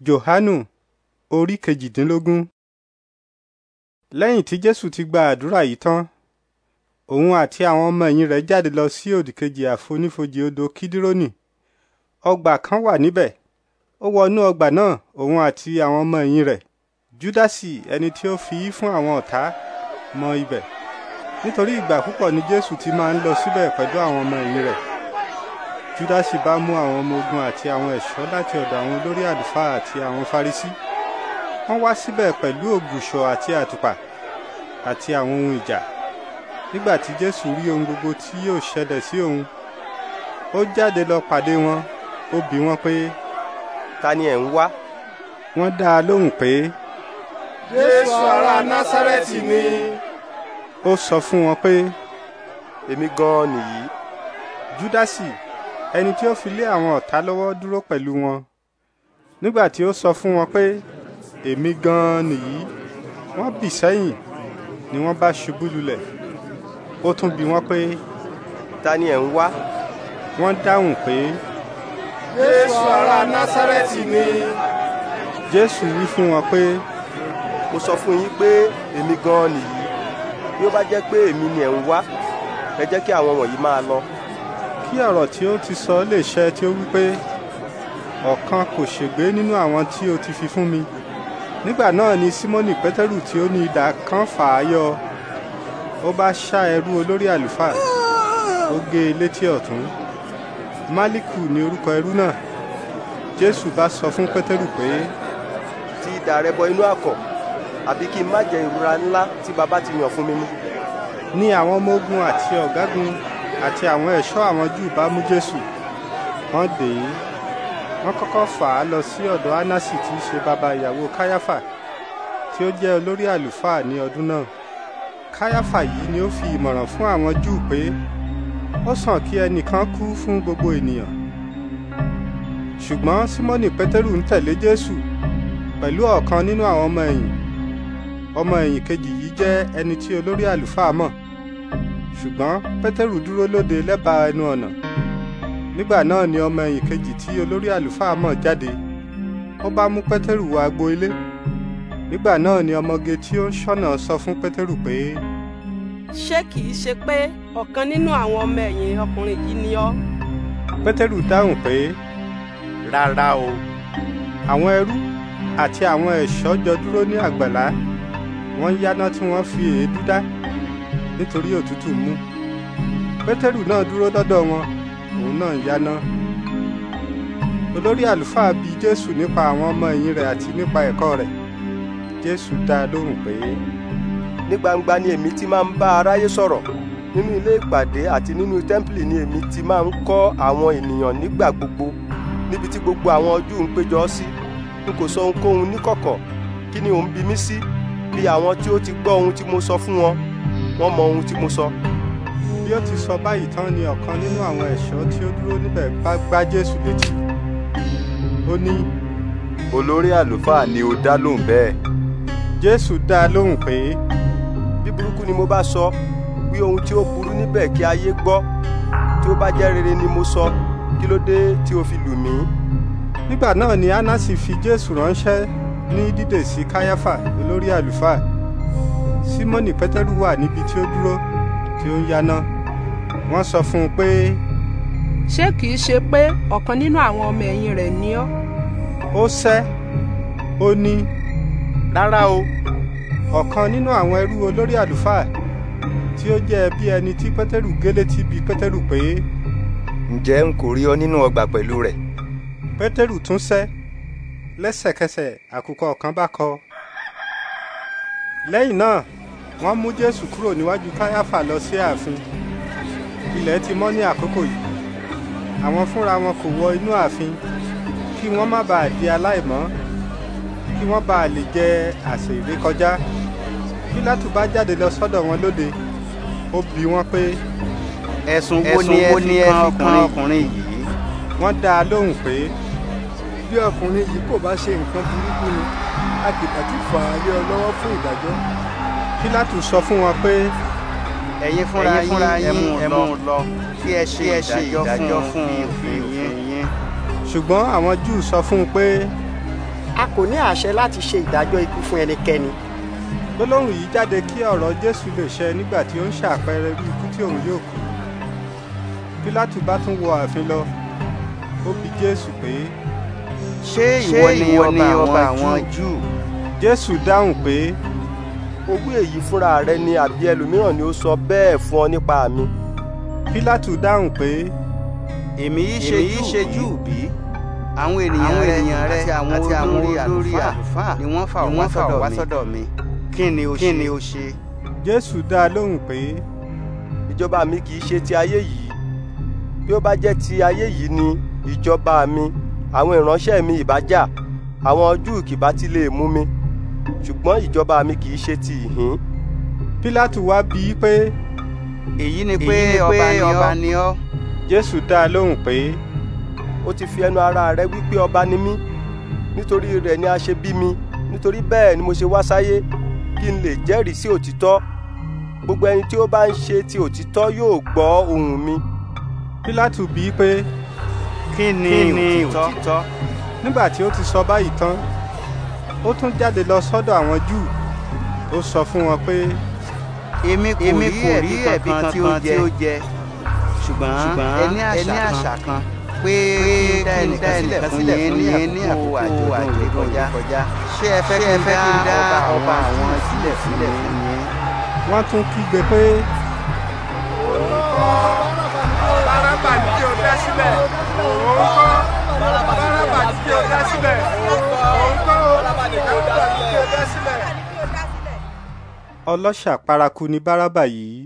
johanu orí kejìdínlógún lẹ́yìn tí jésù ti gba àdúrà yìí tán òun àti àwọn ọmọ ẹ̀yìn rẹ̀ jáde lọ sí òdìkejì àfonífojì odò kídírọ́nì ọgbà kan wà níbẹ̀ ó wọnú ọgbà náà òun àti àwọn ọmọ ẹ̀yìn rẹ̀ júdásì ẹni tí ó fi í fún àwọn ọ̀tá mọ ibẹ̀ nítorí ìgbà púpọ̀ ni jésù ti máa ń lọ síbẹ̀ pẹ̀lú àwọn ọmọ ẹ̀yìn rẹ̀ júdásì bá mú àwọn ọmọ ogun àti àwọn ẹ̀ṣọ́ láti ọ̀dọ̀ àwọn olórí àlùfáà àti àwọn farisí wọ́n wá síbẹ̀ pẹ̀lú ògùṣọ̀ àti àtùpà àti àwọn ohun ìjà nígbà tí jésù rí ohun gbogbo tí yóò ṣẹlẹ̀ sí òun ó jáde lọ pàdé wọn ó bi wọ́n pé. ta ni ẹ̀ ń wá. wọ́n dá a lóhùn pé. jésù ará násárẹ́tì ni. ó sọ fún wọn pé. èmi gan-an nìyí. júdásì ẹni tí ó fi lé àwọn ọ̀tá lọ́wọ́ dúró pẹ̀lú wọn nígbà tí ó sọ fún wọn pé èmi gan-an nìyí wọ́n bì sẹ́yìn ni wọ́n bá ṣubú lulẹ̀ ó tún bi wọ́n pé. ta ni ẹ̀ ń wá. wọ́n dáhùn pé. jésù ará násárẹ́tì ni. jésù wí fún wọn pé. mo sọ fún yín pé èmi gan-an nìyí bí ó bá jẹ́ pé èmi ni ẹ̀ ń wá ẹ jẹ́ kí àwọn wọ̀nyí máa lọ kí ọ̀rọ̀ tí ó ti sọ lè ṣẹ tí ó wípé ọ̀kan kò ṣègbé nínú àwọn tí o ti fi fún mi nígbà náà ni simoni pétérù tí ó ní idà kan fà á yọ ó bá ṣá ẹrú olórí àlùfáà ó gé e létí ọ̀tún málíkù ni orúkọ ẹrú náà jésù bá sọ fún pétérù pé. ti idà rẹ bọ inú àkọ̀ àbí kí n má jẹ ìrora ńlá tí bàbá ti yàn fún mi mú. ni àwọn ọmọ ogun àti ọ̀gágun àti àwọn ẹ̀ṣọ́ àwọn Júù bá mú Jésù wọ́n dè é wọ́n kọ́kọ́ fà á lọ sí ọ̀dọ̀ Anasi tí í ṣe bàbá ìyàwó Káyáfà tí ó jẹ́ olórí àlùfáà ní ọdún náà Káyáfà yìí ni ó fi ìmọ̀ràn fún àwọn Júù pé ó sàn kí ẹnìkan kú fún gbogbo ènìyàn ṣùgbọ́n Símọ́nì Pétérù ń tẹ̀lé Jésù pẹ̀lú ọ̀kan nínú àwọn ọmọ ẹ̀yìn ọmọ ẹ̀yìn kejì yìí jẹ́ ẹni tí olórí àlùfáà mọ̀ ṣùgbọ́n pétérù dúró lóde lẹ́bàá ẹnu ọ̀nà nígbà náà ni ọmọ ẹ̀yìn kejì tí olórí àlùfáà mọ̀ jáde ó bá mú pétérù wọ agbo ilé nígbà náà ni ọmọge tí ó ń ṣọ́nà sọ fún pétérù pé. ṣé kìí ṣe pé ọ̀kan nínú àwọn ọmọ ẹ̀yìn ọkùnrin yìí ni ọ́. pétérù dáhùn pé rárá o àwọn ẹrú àti àwọn ẹ̀ṣọ́ jọ dúró ní àgbàlá wọ́n yáná tí wọ́n fi èédú dá nítorí òtútù mú pétérù náà dúró dọ́dọ̀ wọn òun náà yáná olórí àlùfáà bi jésù nípa àwọn ọmọ ẹ̀yìn rẹ̀ àti nípa ẹ̀kọ́ rẹ̀ jésù dá lóhùn pé. ní gbangba ni èmi ti máa ń bá aráyé sọ̀rọ̀ nínú ilé ìpàdé àti nínú tẹ́ḿpìlì ni èmi ti máa ń kọ́ àwọn ènìyàn nígbà gbogbo níbi tí gbogbo àwọn Júù ń péjọ sí n kò sọ ohunkóhun níkọ̀kọ̀ kí ni òun bi mí sí bí àwọn tí ó ti gbọ́ ohun tí mo sọ fún wọn wọ́n mọ ohun tí mo sọ. bí ó ti sọ báyìí tán ni ọ̀kan nínú àwọn ẹ̀ṣọ́ tí ó dúró níbẹ̀ bá gbá jésù létí. ó ní. olórí àlùfáà ni ó dá lóhùn bẹ́ẹ̀. jésù dá lóhùn pé. bí burúkú ni mo bá sọ wí ohun tí ó burú níbẹ̀ kí ayé gbọ́ tí ó bá jẹ́ rere ni mo sọ kí ló dé tí o fi lù mí. nígbà náà ni anasi fi jésù ránṣẹ́ ní dídè sí káyáfà olórí àlùfáà símọ́nì pétérù wà níbi tí ó dúró tí ó ń yáná wọ́n sọ fún un pé. ṣé kìí ṣe pé ọ̀kan nínú àwọn ọmọ ẹ̀yìn rẹ̀ ni ọ́. ó sẹ́ ó ní rárá o ọ̀kan nínú àwọn ẹrú olórí àlùfáà tí ó jẹ́ bí ẹni tí pétérù gélé ti bi pétérù pé. ǹjẹ́ n kò rí ọ nínú ọgbà pẹ̀lú rẹ̀. pétérù tún sẹ́ lẹ́sẹ̀kẹsẹ̀ àkùkọ kan bá kọ lẹ́yìn náà wọ́n mú jésù kúrò níwájú káyáfà lọ sí ààfin ilẹ̀ ti mọ́ ní àkókò yìí àwọn fúnra wọn kò wọ inú ààfin kí wọ́n má bàa di aláìmọ́ kí wọ́n bàa lè jẹ àsè ìrékọjá pílátù bá jáde lọ sọ́dọ̀ wọn lóde ó bi wọ́n pé. ẹ̀sùn wo ni ẹ fi kan ọkùnrin yìí. wọ́n dá a lóhùn pé. bí ọkùnrin yìí kò bá ṣe nǹkan burúkú ni a kìtà ti fà á lé ọ lọ́wọ́ fún ìdájọ́. Pílátù sọ fún wọn pé ẹ̀yin fúnra yín ẹ mú un lọ kí ẹ ṣe ìdájọ́ fún òfin yín. ṣùgbọ́n àwọn Júù sọ fún un pé. a kò ní àṣẹ láti ṣe ìdájọ́ ikú fún ẹnikẹ́ni. gbólóhùn yìí jáde kí ọ̀rọ̀ Jésù lè ṣẹ nígbà tí ó ń ṣàpẹẹrẹ bí ikú tí òun yóò kú. Pílátù bá tún wọ ààfin lọ ó bi Jésù pé. ṣé ìwọ ni ọba àwọn Júù. Jésù dáhùn pé o wí èyí fúnra rẹ ni àbí ẹlòmíràn ni ó sọ bẹ́ẹ̀ fún ọ nípa mi. pílátù dáhùn pé èmi yìí ṣe júù bí àwọn ènìyàn rẹ àti àwọn olórí àlùfáà ni wọ́n fà ọ́ wá sọ́dọ̀ mi kí ni o ṣe. jésù dá a lóhùn pé ìjọba mi kì í ṣe ti ayé yìí bí ó bá jẹ́ ti ayé yìí ni ìjọba mi àwọn ìránṣẹ́ mi ìbá jà àwọn Júù kì bá ti lè mú mi ṣùgbọ́n ìjọba mi kì í ṣe ti ìhín pílátù wá bi í pé. èyí ni pé ọba ni ọ́. jésù dá a lóhùn pé ó ti fi ẹnu ara rẹ̀ wípé ọba ni mí nítorí rẹ̀ ni a ṣe bí mi nítorí bẹ́ẹ̀ ni mo ṣe wá sáyé kí n lè jẹ́rìí sí òtítọ́ gbogbo ẹni tí ó bá ń ṣe ti òtítọ́ yóò gbọ́ ohùn mi. pílátù bi í pé. kí ni òtítọ́. nígbà tí ó ti sọ báyìí tán ó tún jáde lọ sọ́dọ̀ àwọn júù ó sọ fún wọn pé. èmi kò rí ẹ̀bí kan tí ó jẹ ṣùgbọ́n ẹni àṣà kan pé kí n dá ẹnìkan sílẹ̀ fún yín ní àkókò àjò kọjá ṣé ẹ fẹ́ kí n dá ọba àwọn sílẹ̀ sílẹ̀ fún yín. wọ́n tún kígbe pé. Bárábà ni kí o dá sílẹ̀ òun kọ́ Bárábà ni kí o dá sílẹ̀ ọlọ́ṣà paraku ni báràbà yìí